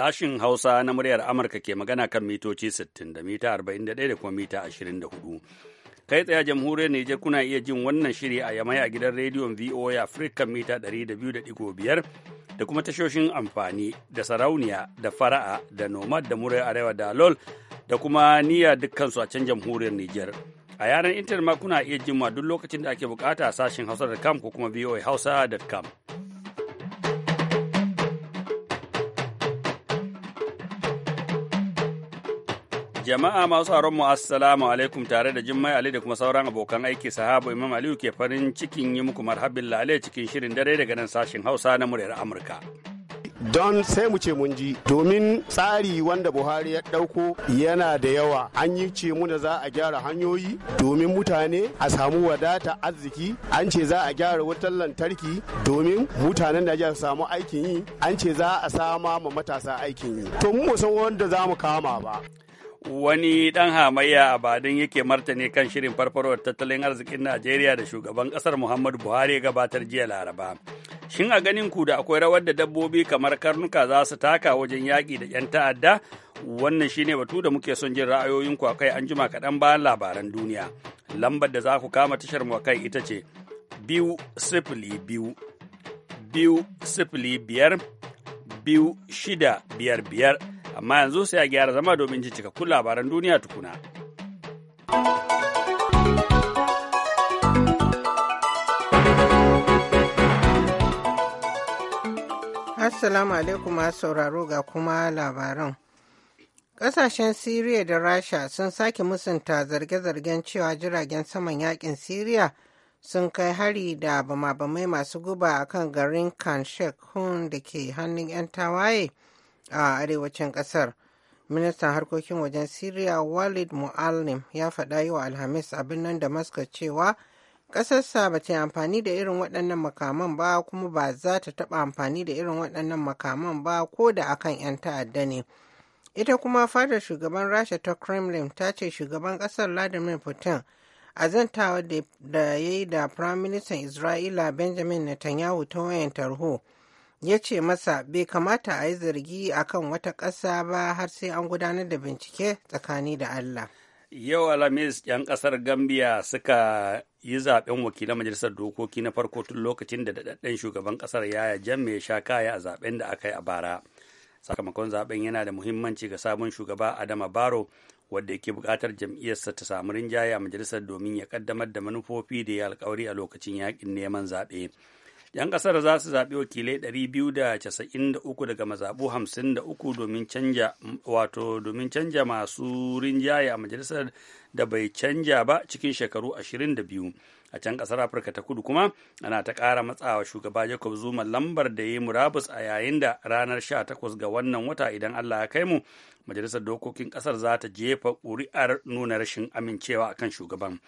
Sashin Hausa na muryar Amurka ke magana kan mitoci 60 da mita 41 da kuma mita 24. Kai tsaye jamhuriyar Nijar kuna iya jin wannan shiri a yamai a gidan rediyon VOA Africa mita 200.5 da kuma tashoshin amfani da sarauniya da fara'a da nomad da muryar arewa da lol da kuma niyya dukkansu a can jamhuriyar Nijar. A yanar intanet ma kuna iya jin ma duk lokacin da ake bukata a sashin hausa.com ko kuma voahausa.com. Jama'a masu haron mu assalamu alaikum tare da Jummai Ali da kuma sauran abokan aiki sahabo Imam Aliyu ke farin cikin yi muku marhabin lalai cikin shirin dare daga nan sashen Hausa na muryar Amurka. don sai mu ce mun ji domin tsari wanda buhari ya ɗauko yana da yawa an yi ce muna za a gyara hanyoyi domin mutane a samu wadata arziki an ce za a gyara wutar lantarki domin mutanen da su samu aikin yi an ce za a sama ma matasa aikin yi to mu san wanda za mu kama ba wani dan hamayya a badin yake martani kan shirin farfarwar tattalin arzikin najeriya da shugaban kasar muhammadu buhari gabatar jiya laraba shin a ganin ku da akwai rawar da dabbobi kamar karnuka za su taka wajen yaƙi da 'yan ta'adda wannan shine batu da muke son jin ra'ayoyin a kai an jima kaɗan bayan labaran duniya lambar da za ku kama tashar mu kai ita ce biyu sifili biyu biyu sifili biyar biyu shida biyar biyar amma yanzu sai a gyara zama domin cikakkun labaran duniya tukuna. Assalamu alaikum masu sauraro ga kuma labaran. Ƙasashen Siriya da Rasha sun sake musunta zarge-zargen cewa jiragen saman yakin Siriya sun kai hari da bama-bamai masu guba a kan garin Kan Hun da ke hannun 'yan tawaye. a arewacin kasar ministan harkokin wajen syria walid mu'allim ya faɗa yi wa alhamis a birnin damascus cewa ƙasarsa ba ta amfani da irin waɗannan makaman ba kuma ba za ta taɓa amfani da irin waɗannan makaman ba ko da akan 'yan ta'adda ne ita kuma fadar shugaban rasha ta kremlin ta ce shugaban ƙasar vladimir putin a zantawa da ya yi da firaministan isra'ila benjamin netanyahu ta wayan tarho ya ce masa bai kamata a yi zargi a kan wata ƙasa ba har sai an gudanar da bincike tsakani da Allah. Yau Alhamis 'yan ƙasar Gambia suka yi zaɓen wakilan majalisar dokoki na farko tun lokacin da daɗaɗɗen shugaban ƙasar yaya jan mai sha kaya a zaɓen da aka yi a bara. Sakamakon zaɓen yana da muhimmanci ga sabon shugaba Adama Baro wadda yake buƙatar jam'iyyarsa ta samu rinjaye a majalisar domin ya ƙaddamar da manufofi da ya alkawari a lokacin yaƙin neman zaɓe. 'Yan kasar za su zaɓi wakilai 293 daga mazaɓu 53 domin canja wato domin canja masu rinjaye a majalisar da bai canja ba cikin shekaru ashirin 22. a can kasar afirka ta kudu kuma ana ta ƙara matsawa shugaba jacob zuma lambar da ya yi murabus a yayin da ranar 18 ga wannan wata idan allah ya kai mu majalisar dokokin kasar za ta jefa ƙuri'ar nuna rashin amincewa akan shugaban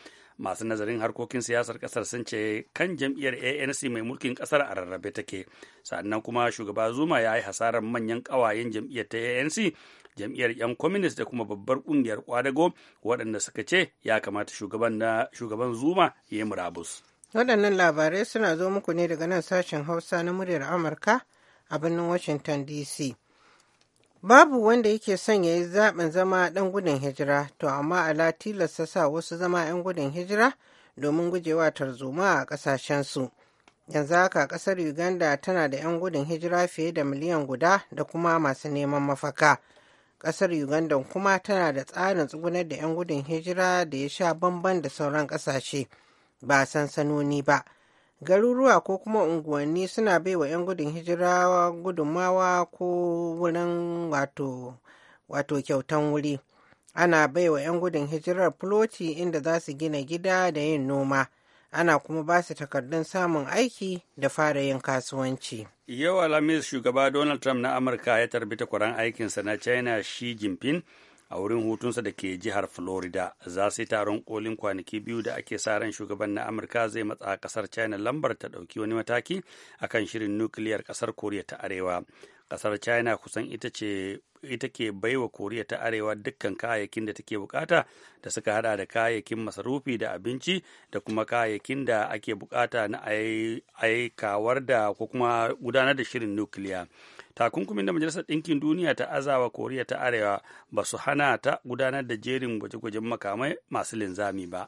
masu nazarin harkokin siyasar kasar sun ce kan jam'iyyar anc mai mulkin kasar a rarrabe take sannan kuma shugaba zuma ya yi hasarar manyan kawayen jam'iyyar ta anc jam'iyyar 'yan communist da kuma babbar kungiyar kwadago waɗanda suka ce ya kamata shugaban zuma ya yi murabus waɗannan labarai suna zo muku ne daga nan sashen hausa na muryar amurka a birnin washington dc Babu wanda yake son ya yi zaɓin zama ɗan gudun hijira, to amma ala tilasta sa wasu zama 'yan gudun hijira domin gujewa tarzoma a ƙasashensu. Yanzu haka ƙasar Uganda tana da 'yan gudun hijira fiye da miliyan guda da kuma masu neman mafaka. Ƙasar Uganda kuma tana da tsarin tsugunar da 'yan gudun hijira da ya sha bamban da sauran ƙasashe ba sansanoni ba. garuruwa ko kuma unguwanni suna bai wa 'yan gudun hijira gudunmawa ko wurin wato kyautan wuri ana bai wa 'yan gudun hijirar fuloti inda za su gina gida da yin noma ana kuma ba su takardun samun aiki da fara yin kasuwanci. Yau Alhamis shugaba Donald Trump na Amurka ya tarbi takwaran aikinsa na China shi Jinping a wurin hutunsa da ke jihar florida za su yi taron kolin kwanaki biyu da ake sa ran shugaban na amurka zai matsa kasar china lambar ta dauki wani mataki akan shirin nukiliyar kasar koriya ta arewa kasar china kusan ita ce ita ke baiwa koriya ta arewa dukkan kayayyakin da take bukata da suka hada da kayayyakin masarufi da abinci da kuma kayayyakin da ake bukata na aikawar da ko kuma gudanar da shirin nukiliya takunkumin da majalisar ɗinkin duniya ta azawa koriya ta arewa ba su hana ta gudanar da jerin gwaje-gwajen makamai masu linzami ba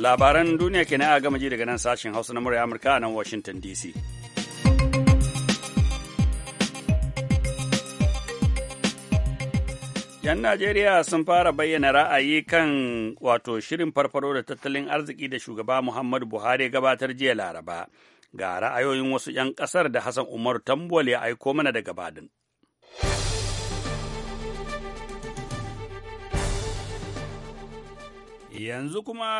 labaran duniya ke na gama ji daga nan sashen hausa na murya amurka a nan washington dc 'Yan Najeriya sun fara bayyana ra'ayi kan wato shirin farfaro da tattalin arziki da shugaba Muhammadu Buhari gabatar jiya Laraba. Ga ra'ayoyin wasu 'yan ƙasar da Hassan Umar Tambuwal ya aiko mana daga Badin. Yanzu kuma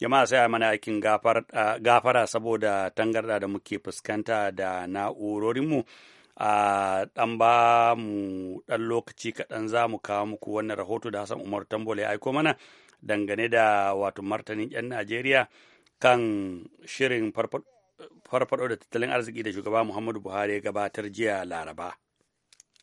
jama'a sai a mana aikin gafara saboda tangarda da muke fuskanta da na'urorinmu a dan ba mu dan lokaci kaɗan za mu kawo muku wannan rahoto da hassan umar tambole ya aiko mana dangane da wato martanin 'yan najeriya kan shirin farfaɗo da tattalin arziki da shugaba muhammadu buhari ya gabatar jiya laraba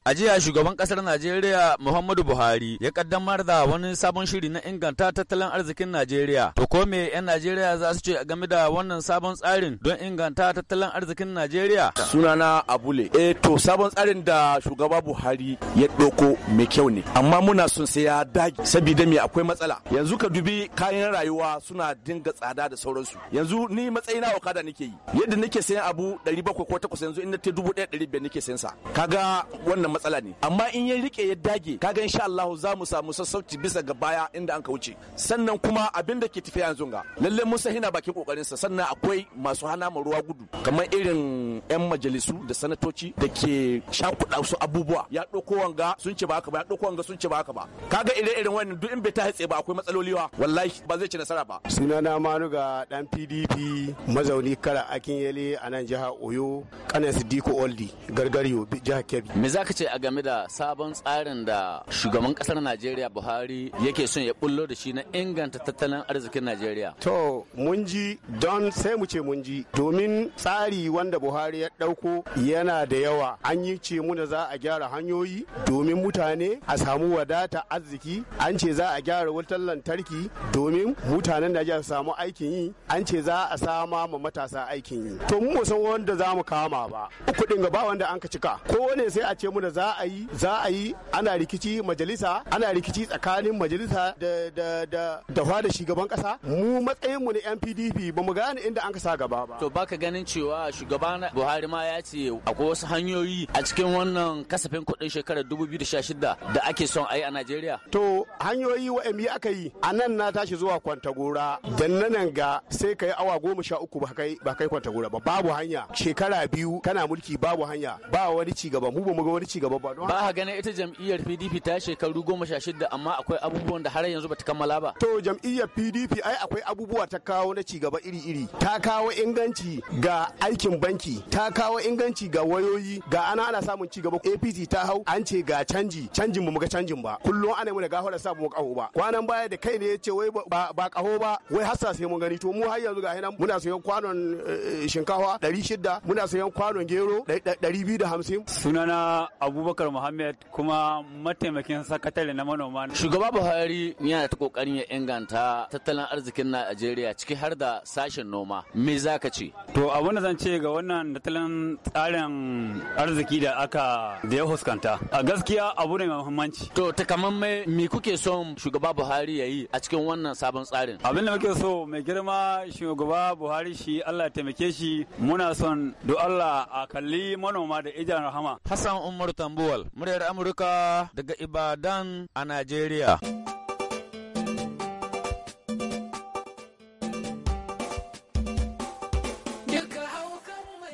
A jiya shugaban kasar Najeriya Muhammadu Buhari ya kaddamar da wani sabon shiri na inganta tattalin arzikin Najeriya. To ko me 'yan Najeriya za su ce game da wannan sabon tsarin don inganta tattalin arzikin Najeriya? Sunana Abule. Eh to sabon tsarin da shugaba Buhari ya ɗauko mai kyau ne. Amma muna son sai ya dage saboda me akwai matsala. Yanzu ka dubi kayan rayuwa suna dinga tsada da sauransu. Yanzu ni matsayina okada nake yi. Yadda nake sayan abu 700 ko 800 yanzu in na te 1500 nake sayan sa. Kaga wannan matsala ne amma in ya rike ya dage Ka kaga insha Allah za mu samu sassauci bisa ga baya inda an ka wuce sannan kuma abin da ke tafi yanzu ga lalle Musa hina bakin kokarin sa sannan akwai masu hana mu ruwa gudu kamar irin yan majalisu da sanatoci da ke shakuɗa su abubuwa ya ɗauko wanga sun ce ba haka ba ya ɗauko wanga sun ce ba haka ba kaga ire-iren wannan duk in bai ta hatse ba akwai matsaloli wa wallahi ba zai ci nasara ba sunana manuga dan PDP mazauni kara akin yale a nan jihar Oyo kanan Sidiko Oldi gargariyo jihar Kebbi me zaka ce ce a game da sabon tsarin da shugaban kasar Najeriya Buhari yake son ya bullo da shi na inganta tattalin arzikin Najeriya? To, mun ji don sai mu ce mun ji domin tsari wanda Buhari ya dauko yana da yawa an yi ce muna za a gyara hanyoyi domin mutane a samu wadata arziki an ce za a gyara wutar lantarki domin mutanen Najeriya su samu aikin yi an ce za a sama ma matasa aikin yi. To mu san wanda za mu kama ba. Uku ɗin ba wanda an ka cika. ko ne sai a ce muna za a yi za a yi ana rikici majalisa ana rikici tsakanin majalisa da da da da da shugaban kasa mu matsayin mu na yan PDP ba mu gane inda an sa gaba ba to baka ganin cewa shugaban Buhari ma ya ce akwai wasu hanyoyi a cikin wannan kasafin kuɗin shekarar 2016 da ake son a yi a Najeriya to hanyoyi wa MI aka yi a nan na tashi zuwa Kwantagora dan nan ga sai kai awa goma sha uku ba kai ba kai Kwantagora ba babu hanya shekara biyu kana mulki babu hanya ba wani ci gaba mu ba mu ga wani ci gaba ba don ba ganin ita jam'iyyar PDP ta shekaru goma shida amma akwai abubuwan da har yanzu bata kammala ba to jam'iyyar PDP ai akwai abubuwa ta kawo na ci gaba iri-iri ta kawo inganci ga aikin banki ta kawo inganci ga wayoyi ga ana ana samun ci gaba APC ta hau an ce ga canji canjin mu ga canjin ba kullum ana mu da gafara sa mu kaho ba kwanan baya da kai ne ya ce wai ba kaho ba wai hassa sai mun gani to mu har yanzu ga hinan muna sayan kwanon eh, eh, shinkafa 600 muna sayan kwanon gero 250 sunana Abubakar Muhammad kuma mataimakin sakatare na manoma. Shugaba Buhari yana ta kokarin ya inganta tattalin arzikin Najeriya ciki har da sashen noma. Me za ka ce? To abin da zan ce ga wannan tattalin tsarin arziki da aka da ya fuskanta. A gaskiya abu ne muhimmanci. To mai me kuke son shugaba Buhari ya a cikin wannan sabon tsarin? Abin da muke so mai girma shugaba Buhari shi Allah taimake shi muna son do Allah a kalli manoma da ijan rahama. Hassan Umar Istanbul, muryar Amurka daga Ibadan a Najeriya.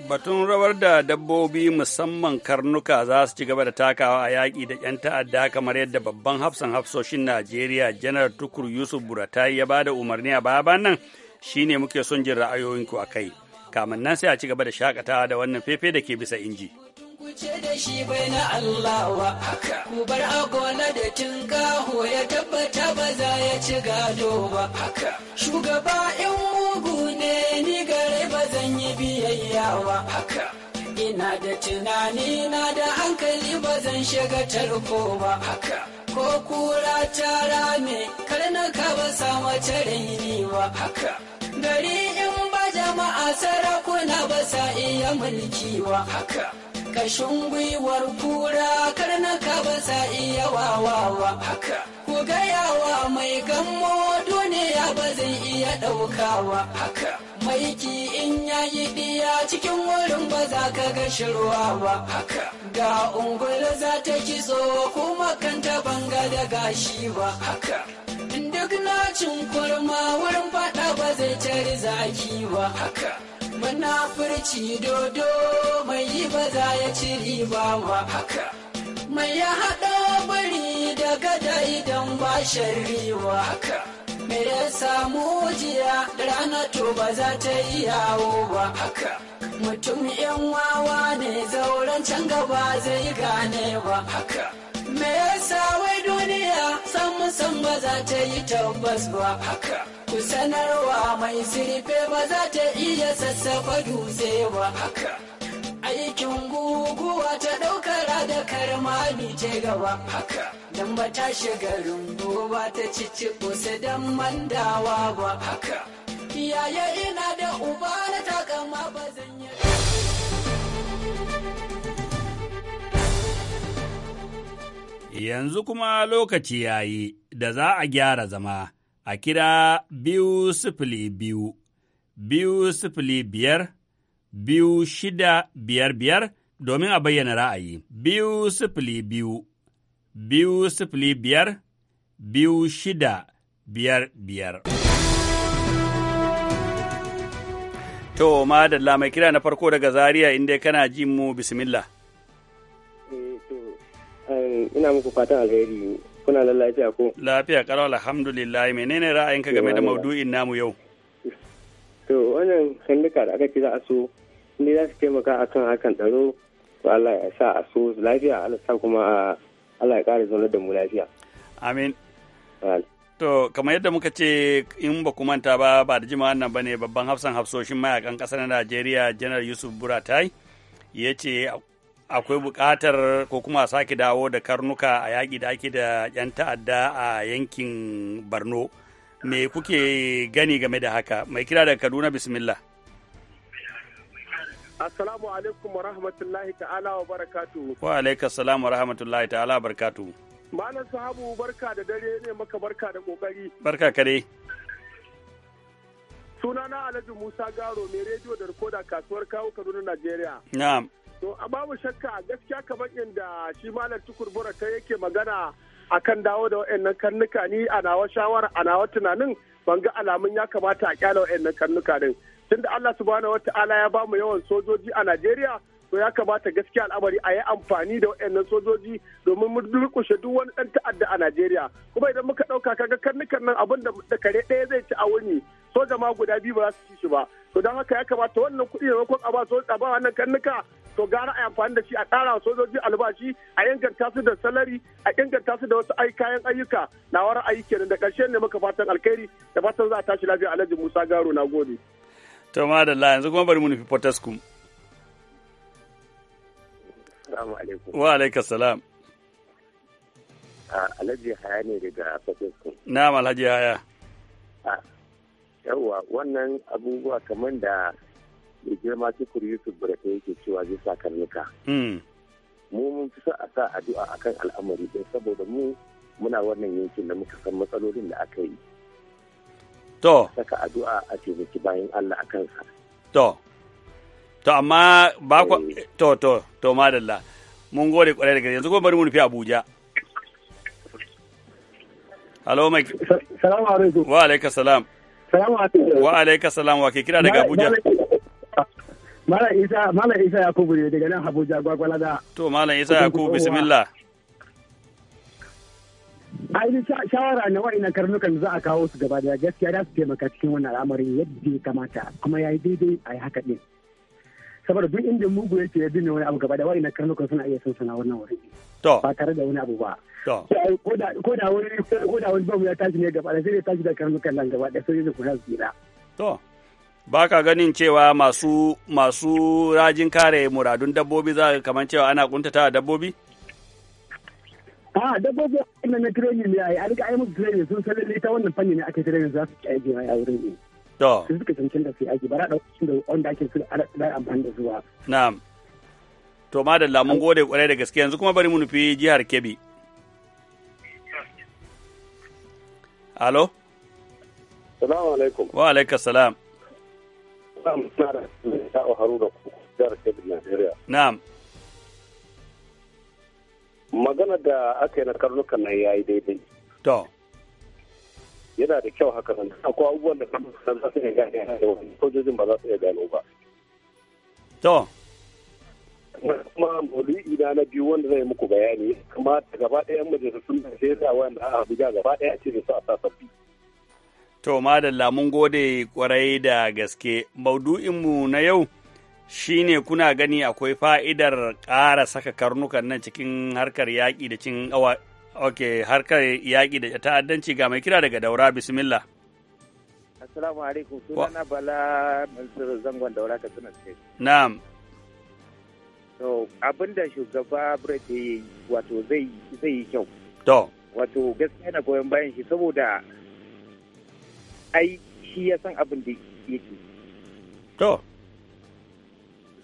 batun rawar da dabbobi musamman karnuka za su ci gaba da takawa a yaƙi da 'yan ta'adda kamar yadda babban hafsan hafsoshin najeriya janar tukur yusuf buratai ya ba da umarni a baya nan shine muke son jin ra'ayoyinku a kai kamin nan sai a ci gaba da shakatawa da wannan fefe da ke bisa inji. kuce da shi bai na Allah wa ku bar agona da tinkaho ya tabbata ba za ya ci gado ba shugaba in mugu ne ni gare ba zan yi biyayya wa ina da tunani na da hankali ba zan shiga tarko ba ko kura ta rame karnaka ba samu wa ba gari in ba jama'a sarakuna ba sa iya mulki wa haka Kashin gwiwar kura karnaka ba sa iya wawawa. Haka. Ku gayawa mai gammo duniya ba zai iya ɗaukawa. Haka. Maiki in yayi ɗiya cikin wurin ba za ka ga shirwa ba. Haka. Ga ungul za ta kitso kuma kanta banga da gashi ba. Haka. Duk na cin kurma wurin faɗa ba zai cari zaki ba. Haka. munafurci dodo mai yi ba za ya ci riba ma haka mai ya haɗa bari da gada idan ba shari'a haka me ya samu jiya rana to ba za ta yi yawo ba haka mutum yan wawa ne zauren can gaba zai gane ba haka me yasa wai duniya san musan ba za ta yi tabbas ba haka ku sanarwa mai sirfe ba za ta iya sassafa dutse ba haka aikin guguwa ta ɗaukar da ni ce gaba haka dan ba ta shiga rumbu ba ta cici kusa dan mandawa ba haka iyaye ina da uba na takama ba zan Yanzu kuma lokaci ya yi da za a gyara zama a kira biyu sifili biyu, biyu sifili biyar, biyu shida biyar biyar domin a bayyana ra'ayi. Biyu sifili biyu, biyu sifili biyar, biyu shida biyar biyar. To, madalla mai kira na farko daga Zaria inda kana jin mu bismillah. ina muku fatan alheri kuna da lafiya ko lafiya karo alhamdulillah menene ra'ayinka game da maudu'in namu yau to wannan sandika da aka kira aso ne za su taimaka akan hakan tsaro to Allah ya sa aso lafiya Allah sa kuma Allah ya kare zaune da mu lafiya amin To, kamar yadda muka ce in ba ku manta ba ba da jima wannan bane babban hafsan hafsoshin mayakan kasar Najeriya General Yusuf Buratai ya ce akwai bukatar ko kuma a sake dawo da karnuka a yaƙi da ake da 'yan ta'adda a yankin Borno. Me kuke gani game da haka? Mai kira da Kaduna bismillah. Assalamu alaikum wa rahmatullahi ta'ala wa barakatu. Wa alaika assalamu wa rahmatullahi ta'ala wa barakatu. Malam sahabu barka da dare ne maka barka da kokari. Barka kare. Sunana Alhaji Musa Garo mai rediyo da rikoda kasuwar kawo Kaduna Najeriya. Na'am. To a babu shakka gaskiya kamar inda shi malam tukur bura ta yake magana a kan dawo da wa'annan karnuka ni a nawa shawara a nawa tunanin ban ga alamun ya kamata a kyala wa'annan karnuka din. Tunda Allah subhanahu wata'ala ya bamu yawan sojoji a Najeriya to ya kamata gaskiya al'amari a yi amfani da waɗannan sojoji domin mu durkushe duk wani ɗan ta'adda a Najeriya kuma idan muka ɗauka kaga karnukan nan abin da kare ɗaya zai ci a wuni soja ma guda biyu ba za su ci shi ba to don haka ya kamata wannan kuɗi da makon a ba a ba wannan karnuka to gara a yi amfani da shi a ƙara sojoji albashi a inganta su da salari a inganta su da wasu kayan ayyuka na wara kenan da ƙarshe ne muka fatan alkhairi da fatan za a tashi lafiya alhaji musa garo na gode. to madalla yanzu kuma bari mu nufi potaskum. Assalamu alaikum. Wa alaikum salam. Ah, Alhaji Haya ne daga Fasinsu. Na'am Alhaji Haya. Ah, yawwa wannan abubuwa kamar da mai girma cikin Yusuf Burata yake cewa zai sa karnuka. Hmm. Mu mun fi sa a sa addu'a a kan al'amari don saboda mu muna wannan yankin da muka san matsalolin da aka yi. To. Saka addu'a a taimaki bayan Allah a kansa. To. To amma ba ku to to to madalla. Mun gode kwarai da gaske. Yanzu kuma bari mu nufi Abuja. Hello mai Salamu alaikum. Wa alaikum salam. Salamu alaikum. Wa alaikum salam wa ke kira daga Abuja. Malam Isa, Malam Isa Yakubu ne daga nan Abuja gwagwala da. To Malam Isa Yakubu bismillah. ni shawara na na karnukan za a kawo su gaba daya gaskiya za su taimaka cikin wannan al'amarin yadda ya kamata kuma yayi daidai a yi haka ɗin. saboda duk inda mugu yake ya binne wani abu gaba da wani na karnukan suna iya sun sana wannan wuri ba tare da wani abu ba ko da wani babu ya tashi ne gaba da sai tashi da karnukan nan gaba da sai ya su gida to ba ka ganin cewa masu rajin kare muradun dabbobi za ka kamar cewa ana kuntata dabbobi a dabbobi ai musu training sun sanar ta wannan ne ake training za su ci su suka cancanta su yi aiki ba na ɗauki cikin da wanda ake su da amfani da zuwa. Na'am. To ma da lamun gode kwarai da gaske yanzu kuma bari mu nufi jihar Kebbi. Alo? Salamu alaikum. Wa alaika salam. Na'am. Magana da aka yi na karnukan na yayi daidai. To. yana da kyau haka nan akwai abubuwan da kamar za su iya gane sojojin ba za su iya gano ba to kuma maudu'i na na biyu wanda zai muku bayani kuma gaba ɗaya majalisun da sai sa wanda a buga gaba ɗaya ce da su a sa to madalla lamun gode kwarai da gaske maudu'inmu na yau shine kuna gani akwai fa'idar ƙara saka karnukan nan cikin harkar yaƙi da cin Ok, harkar yaƙi da ta'addanci ga mai kira daga daura bismillah. Assalamu alaikum, sunana Bala Mansur Zangon Daura suna ce Na'am. To, abin da shugaba Brett ya yi wato zai yi kyau. To. Wato gaskiya na goyon bayan shi saboda ai shi ya san abin da yake. To.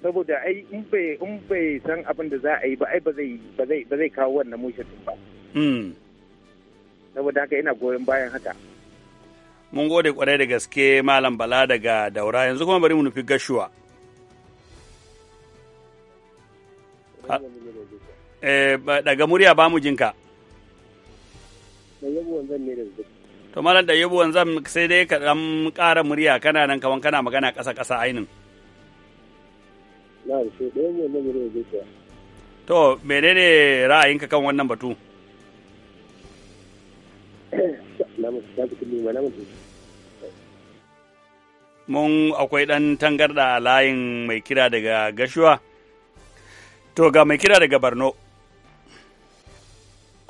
Saboda ai in bai san abin da za a yi ba ai ba zai kawo wannan mushe ba. Mm. saboda haka ina goyon bayan haka mun gode kwarai da gaske malam bala daga daura yanzu kuma bari mu nufi gashuwa ah. eh, daga murya ba mu jinka to malam da yabu wanzan sai dai ka dan ƙara murya kana nan kaman kana magana ƙasa ƙasa ainin to menene ra'ayinka kan wannan batu Mun akwai ɗan tangarɗa layin mai kira daga gashuwa. To ga mai kira daga Barno.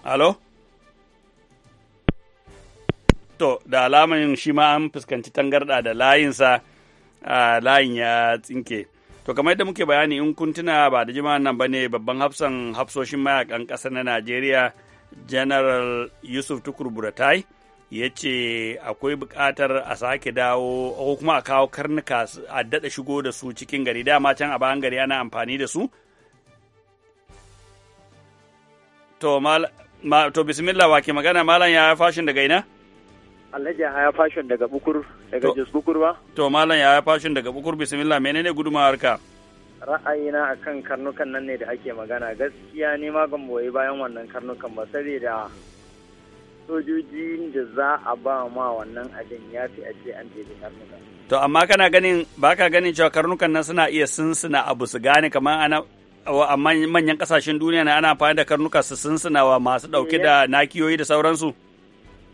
Halo? To, da alamun shi ma an fuskanci tangarɗa da layinsa, a layin ya tsinke. To kamar yadda muke bayani in kun tuna ba da jima'an nan ba ne babban hafsan hafsoshin mayakan ƙasa na Najeriya general yusuf tukur buratai ya ce akwai buƙatar a sake dawo ko kuma a kawo karnuka a daɗa shigo da su cikin gari dama can a bayan gari ana amfani da su to mal ma, to bismillah wake magana malam ya fashin daga ina Allah ya fashin daga bukur daga jis bukur ba to malam ya fashin daga bukur bismillah menene gudumawar ka ra'ayina a kan karnukan nan ne da ake magana gaskiya ne ban boye bayan wannan karnukan ba saboda sojoji da za a ba ma wannan abin ya fi a ce an jefe karnukan. To amma kana ganin baka ganin cewa karnukan nan suna iya sunsuna abu su gane kamar ana a manyan kasashen duniya na ana amfani da karnuka su sunsuna wa masu dauke da nakiyoyi da sauransu.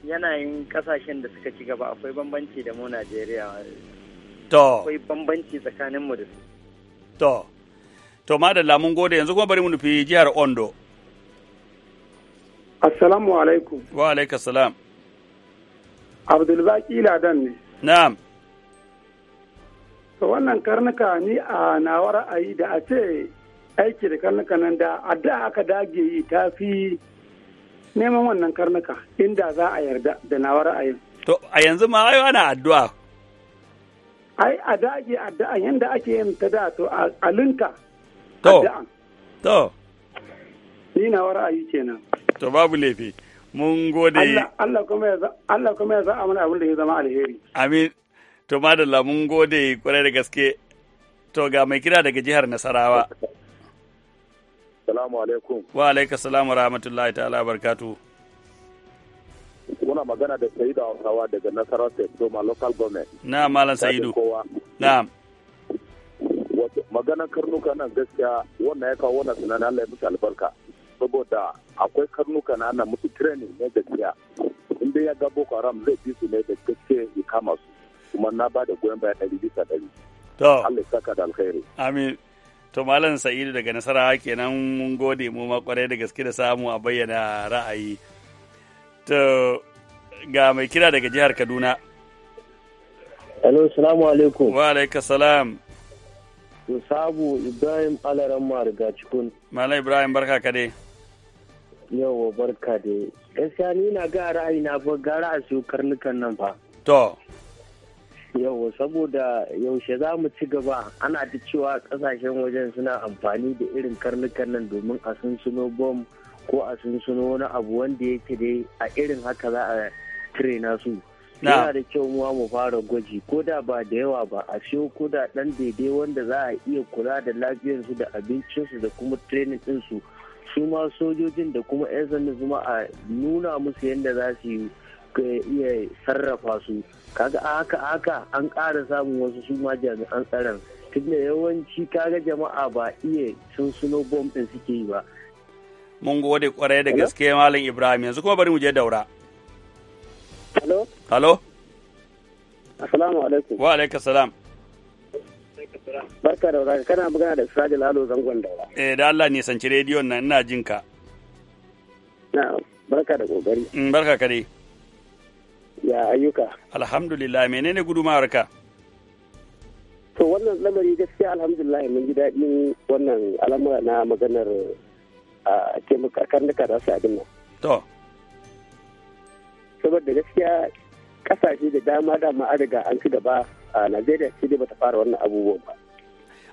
Yanayin kasashen da suka ci gaba akwai bambanci da mu Najeriya. To. Akwai bambanci tsakaninmu da su. To, to madalla mun gode yanzu kuma bari mu nufi jihar Ondo. Assalamu alaikum. Wa alaikum salam. Abdulbaki Ladan ne. Na'am. To wannan karnuka ni a nawar ayi da a ce aiki da karnuka nan da a da aka dage yi ta fi neman wannan karnuka inda za a yarda da nawar ayi. To a yanzu ma ana addu'a. ai a dage addu'a yanda ake yin ta da to a linka to to ni na wara ayi kenan to babu laifi mun gode Allah kuma ya Allah kuma ya sa mana abin da ya zama alheri amin to madalla mun gode kwarai da gaske to ga mai kira daga jihar Nasarawa Salamu alaikum. Wa alaikum salam wa rahmatullahi ta'ala barkatu. muna magana da Sa'idu Hausawa daga Nasarar Toma local government. Na Malam Sa'idu. Na. Maganar karnuka nan gaskiya wannan ya kawo wannan sunan Allah ya musu albarka. Saboda akwai karnuka na ana musu training ne gaskiya. Inda ya ga Boko Haram zai bi su ne da gaske ya kama su. Kuma na ba da goyon baya ɗari bisa ɗari. To. Allah ya saka da alkhairi. Amin. To Malam Sa'idu daga Nasarawa kenan mun gode mu ma kwarai da gaske da samu a bayyana ra'ayi. To ga mai kira daga jihar Kaduna. Hello, salamu alaikum. Wa alaika salam. To sabu Ibrahim Alaran Mariga cikin. Malai Ibrahim barka ka dai. Yawa barka dai. Gaskiya ni na ga ra'ayi na fa gara a su karnukan nan fa. To. Yawa saboda yaushe za mu ci gaba ana ta cewa kasashen wajen suna amfani da irin karnukan nan domin a sun suno bom. ko a sunsuno wani abu wanda yake dai a irin haka za a tirena su yana da kyau muwa mu fara gwaji ko da ba da yawa ba a siyo ko da dan daidai wanda za a iya kula da lafiyarsu da abincinsu da kuma training ɗinsu su ma sojojin da kuma 'yan sanda su a nuna musu yadda za su iya sarrafa su kaga haka haka an ƙara samun wasu su ma jami'an tsaron tunda yawanci kaga jama'a ba iya sun suno bom ɗin suke yi ba mun gode kwarai da gaske malam ibrahim yanzu kuma bari mu je daura halo halo assalamu alaikum wa alaikum salam barka da warhaka kana magana da Siraji Lalo zangon daura eh da Allah ne sanci rediyon nan ina jin ka na barka da kokari mm barka ka ya ayyuka alhamdulillah menene gudumawar ka to wannan lamari gaskiya alhamdulillah mun ji daɗin wannan al'amura na maganar a taimaka karnuka za su abin nan. To. Saboda gaskiya kasashe da dama dama an riga an ci gaba a Najeriya ce dai bata fara wannan abubuwan ba.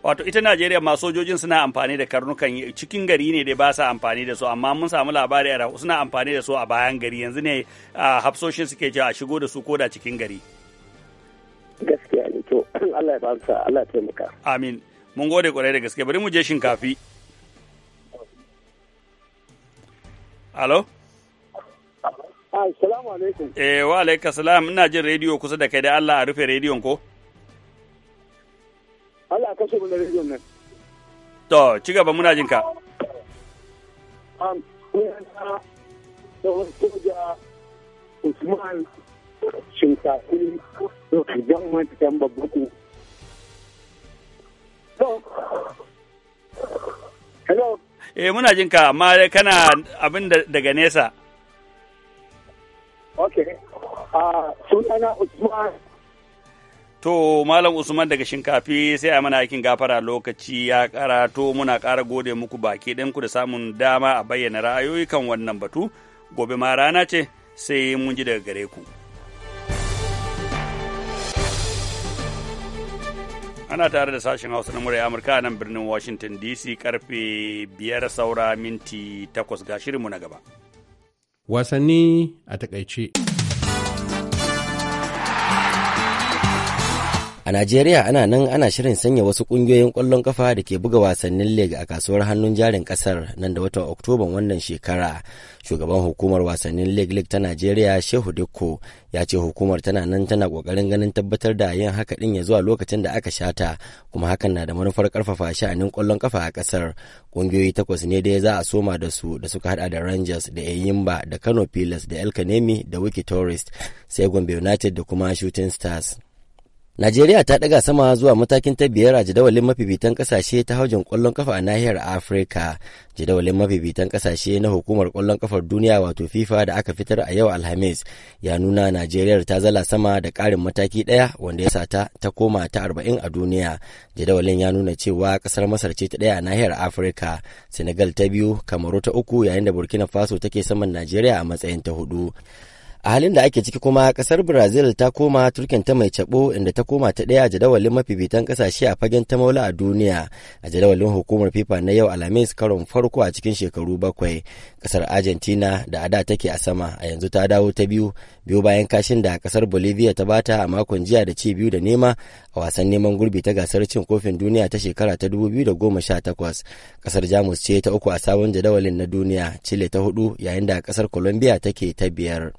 Wato ita Najeriya ma sojojin suna amfani da karnukan cikin gari ne dai ba sa amfani da su amma mun samu labari a suna amfani da su a bayan gari yanzu ne a hafsoshin suke cewa a shigo da su koda cikin gari. Gaskiya ne to Allah ya ba Allah ya taimaka. Amin. Mun gode kwarai da gaske bari mu je shinkafi. Alo? Assalamu alaikum. Eh wa alaikum salam ina jin rediyo kusa da kai da Allah a rufe rediyon ko? Allah kashe mun rediyon nan. To ci gaba muna jin ka. Um, Usman Shinkafi Local Government Yan Babbaku. Hello. Hello. eh muna jin ka amma kana abin daga nesa okay ah, usman To Malam Usman daga Shinkafi sai a mana aikin gafara lokaci ya karato muna kara gode muku baki ɗinku da samun dama a bayyana ra'ayoyi kan wannan batu, gobe ma rana ce sai mun ji daga gare ku. ana tare da sashen hausa na murya amurka nan birnin washington dc karfe biyar saura minti takwas ga shirinmu na gaba wasanni a takaice A Najeriya ana nan ana shirin sanya wasu ƙungiyoyin ƙwallon ƙafa da ke buga wasannin leg a kasuwar hannun jarin ƙasar nan da watan Oktoban wannan shekara. Shugaban hukumar wasannin leg leg ta Najeriya Shehu Dikko ya ce hukumar tana nan tana ƙoƙarin ganin tabbatar da yin haka ɗin ya zuwa lokacin da aka shata kuma hakan na da manufar ƙarfafa sha'anin ƙwallon ƙafa a ƙasar. Ƙungiyoyi takwas ne dai za a soma da su da suka hada da Rangers da Eyimba da Kano Pilas da El Kanemi da Wiki Tourist sai Gombe United da kuma Shooting Stars. Najeriya ta ɗaga sama zuwa matakin ta biyar a jadawalin mafifitan ƙasashe ta haujin kwallon kafa a nahiyar Afirka. Jadawalin mafifitan kasashe na hukumar kwallon kafar duniya wato FIFA da aka fitar a yau Alhamis ya nuna Najeriya ta zala sama da ƙarin mataki ɗaya wanda ya sata ta koma ta arba'in a duniya. Jadawalin ya nuna cewa ƙasar Masar ce ta ɗaya a nahiyar Afirka, Senegal ta biyu, Kamaru ta uku yayin da Burkina Faso take saman Najeriya a matsayin ta hudu. a halin da ake ciki kuma kasar brazil ta koma turkin ta mai cabo inda ta koma ta daya a jadawalin mafifitan kasashe a fagen ta maula a duniya a jadawalin hukumar fifa na yau alhamis karon farko a cikin shekaru bakwai kasar argentina da ada take a sama a yanzu ta dawo ta biyu biyu bayan kashin da kasar bolivia ta bata a makon jiya da ci biyu da nema a wasan neman gurbi ta gasar cin kofin duniya ta shekara ta 2018 kasar jamus ce ta uku a sabon jadawalin na duniya chile ta hudu yayin da kasar colombia take ta biyar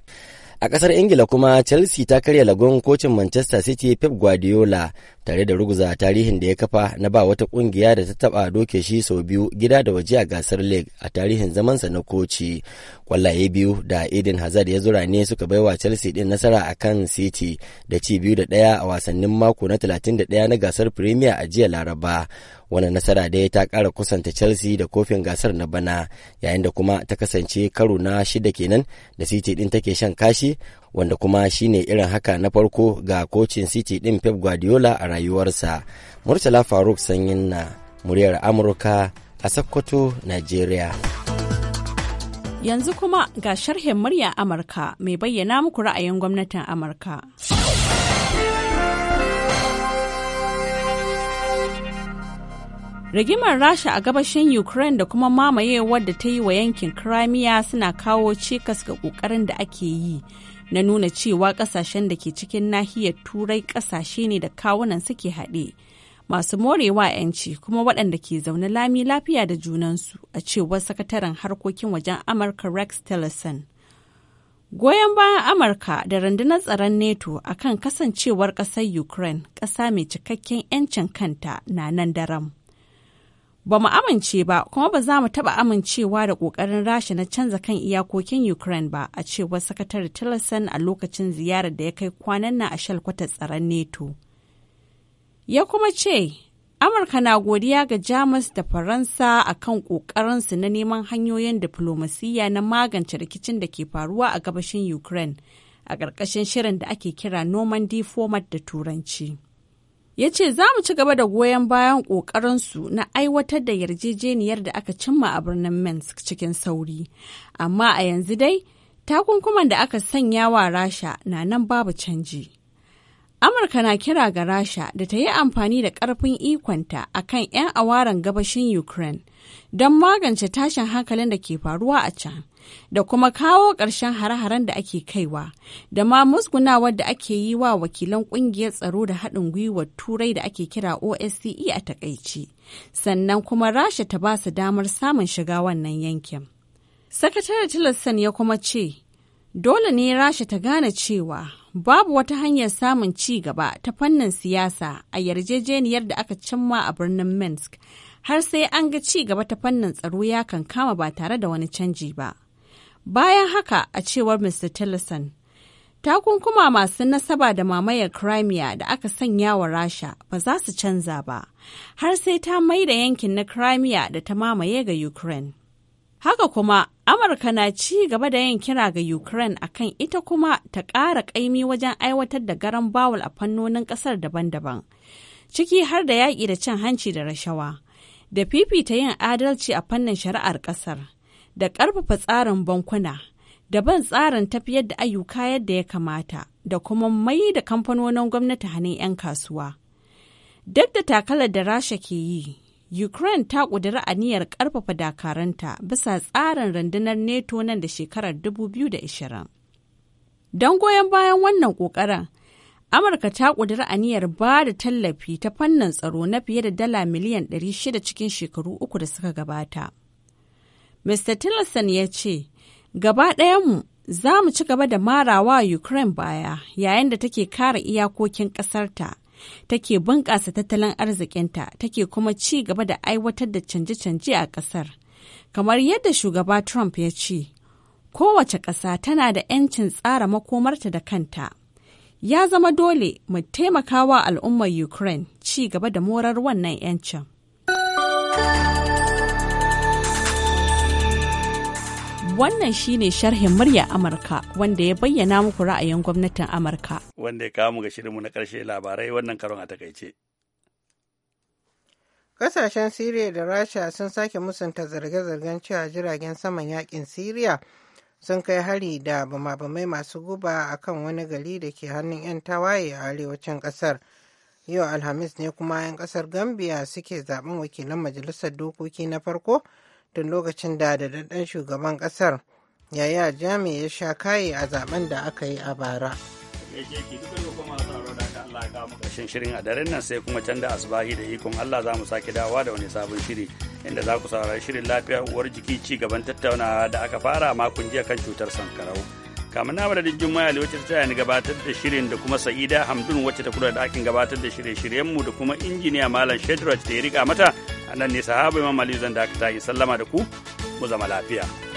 A ƙasar Ingila kuma Chelsea ta karya lagon kocin Manchester City Pep Guardiola tare da ruguza tarihin da ya kafa na ba wata ƙungiya da ta taɓa doke shi sau biyu gida da waje a gasar League a tarihin zamansa na koci. Kwallaye biyu da Eden Hazard ya zura ne suka baiwa Chelsea ɗin nasara a kan City da ci biyu da ɗaya a wasannin mako na 31 na gasar Premier a jiya Laraba. wani nasara da ya ta kara kusanta chelsea da kofin gasar na bana yayin da kuma ta kasance karo na shida kenan da city din take shan kashi wanda kuma shine irin haka na farko ga kocin city din pep guardiola a rayuwarsa murtala faruk sanyin na muryar amurka a sokoto nigeria yanzu kuma ga sharhin murya amurka mai bayyana muku ra'ayin gwamnatin amurka rigimar rasha a gabashin ukraine da kuma mamayewar da ta yi wa yankin crimea suna kawo cikas ga kokarin da ake yi na nuna cewa kasashen da ke cikin nahiyar turai kasashe ne da kawunan suke haɗe masu morewa 'yanci kuma waɗanda ke zaune lami lafiya da junansu a cewar sakataren harkokin wajen amurka rex tillerson goyon bayan amurka da rundunar tsaron neto akan kasancewar ƙasar ukraine ƙasa mai cikakken 'yancin kanta na nan daram Ba mu amince ba kuma ba za mu taɓa amincewa da ƙoƙarin Rasha na canza kan iyakokin Ukraine ba a cewar Sakatare Tillerson a lokacin ziyarar da ya kai kwanan nan a shalkwata tsaron neto Ya kuma ce, Amurka na godiya ga Jamus da Faransa a kan ƙoƙarinsu na neman hanyoyin diflomasiyya na magance rikicin da ke faruwa a gabashin Ukraine a ƙarƙashin shirin da ake kira Normandy Format da Turanci. ya ce za mu ci gaba da goyon bayan ƙoƙarinsu na aiwatar da yarjejeniyar da aka cimma a birnin Minsk cikin sauri. Amma a yanzu dai, takunkuman da aka sanya wa Rasha na nan babu canji. Amurka na kira ga Rasha da ta yi amfani da ƙarfin ikonta a kan 'yan awaren gabashin Ukraine don magance tashin hankalin da ke faruwa a can, da kuma kawo ƙarshen hare-haren da ake kaiwa, da ma musgunawar da ake yi wa wakilan ƙungiyar tsaro da haɗin gwiwar Turai da ake kira OSCE a takaici, sannan kuma Rasha ta ba su damar samun shiga wannan yankin. Sakatare tilastan ya kuma ce, Dole ne Rasha ta gane cewa babu wata hanyar samun ci gaba ta fannin siyasa a yarjejeniyar da aka cimma a birnin Minsk har sai an ga ci gaba ta fannin tsaro ya kan kama ba tare da wani canji ba. Bayan haka a cewar Mr. Tillerson, takunkuma masu nasaba da mamayar Crimea da aka sanya wa Rasha ba za su canza ba, har sai ta mai da yankin na Crimea da ta mamaye ga Ukraine. Haka kuma Amurka na ci gaba da yin kira ga Ukraine akan ita kuma ta ƙara ƙaimi wajen aiwatar da garan bawul a fannonin ƙasar daban-daban, ciki har da yaƙi da cin hanci da rashawa, da fifita yin adalci a fannin shari'ar ƙasar, da ƙarfafa tsarin bankuna, da ban tsarin tafiyar da ayyuka yadda ya kamata, da kuma mai da kamfanonin gwamnati hannun 'yan kasuwa. Duk da takalar da Rasha ke yi, Ukraine ta ƙudiri aniyar ƙarfafa dakaranta bisa tsarin rundunar NATO nan da shekarar 2020. Don goyon bayan wannan ƙoƙarin, Amurka ta ƙudiri aniyar ba da tallafi ta fannin tsaro na fiye da dala miliyan 600 cikin shekaru uku da suka gabata. Mr. Tillerson ya ce, Gaba ɗayanmu za mu ci gaba da marawa Ukraine baya yayin da take kare iyakokin ƙasarta. take bunƙasa tattalin arzikinta take kuma ci gaba da aiwatar da canje-canje a ƙasar. Kamar yadda shugaba Trump ya ce, kowace ƙasa tana da 'yancin tsara makomarta da kanta. Ya zama dole mu taimakawa al'ummar Ukraine ci gaba da morar wannan 'yancin. Wannan shi ne sharhin murya Amurka wanda ya bayyana muku ra'ayin gwamnatin Amurka. Wanda ya kawo mu ga shirinmu na ƙarshe labarai wannan karon a takaice. Kasashen Siriya da Rasha sun sake musanta zarge-zargen cewa jiragen saman yakin Siriya sun kai hari da bama-bamai masu guba a kan wani gari da ke hannun 'yan tawaye a arewacin ƙasar, Yau Alhamis ne kuma 'yan ƙasar Gambia suke zaben wakilan majalisar dokoki na farko tun lokacin da daɗaɗɗen shugaban ƙasar yaya jami ya sha kaye a zaben da aka yi a bara. ƙarshen shirin a daren nan sai kuma canza da asibahi da ikon Allah za mu sake dawa da wani sabon shiri inda za ku saurari shirin lafiyar uwar jiki ci gaban tattaunawa da aka fara makon jiya kan cutar sankarau. kamar na madadin juma'a da wacce ta tayani gabatar da shirin da kuma sa'ida hamdun wacce ta kula da ɗakin gabatar da shirye-shiryenmu da kuma injiniya malam shedrach da ya rika mata a nan ne sahaba imam ali zan dakata in sallama da ku mu zama lafiya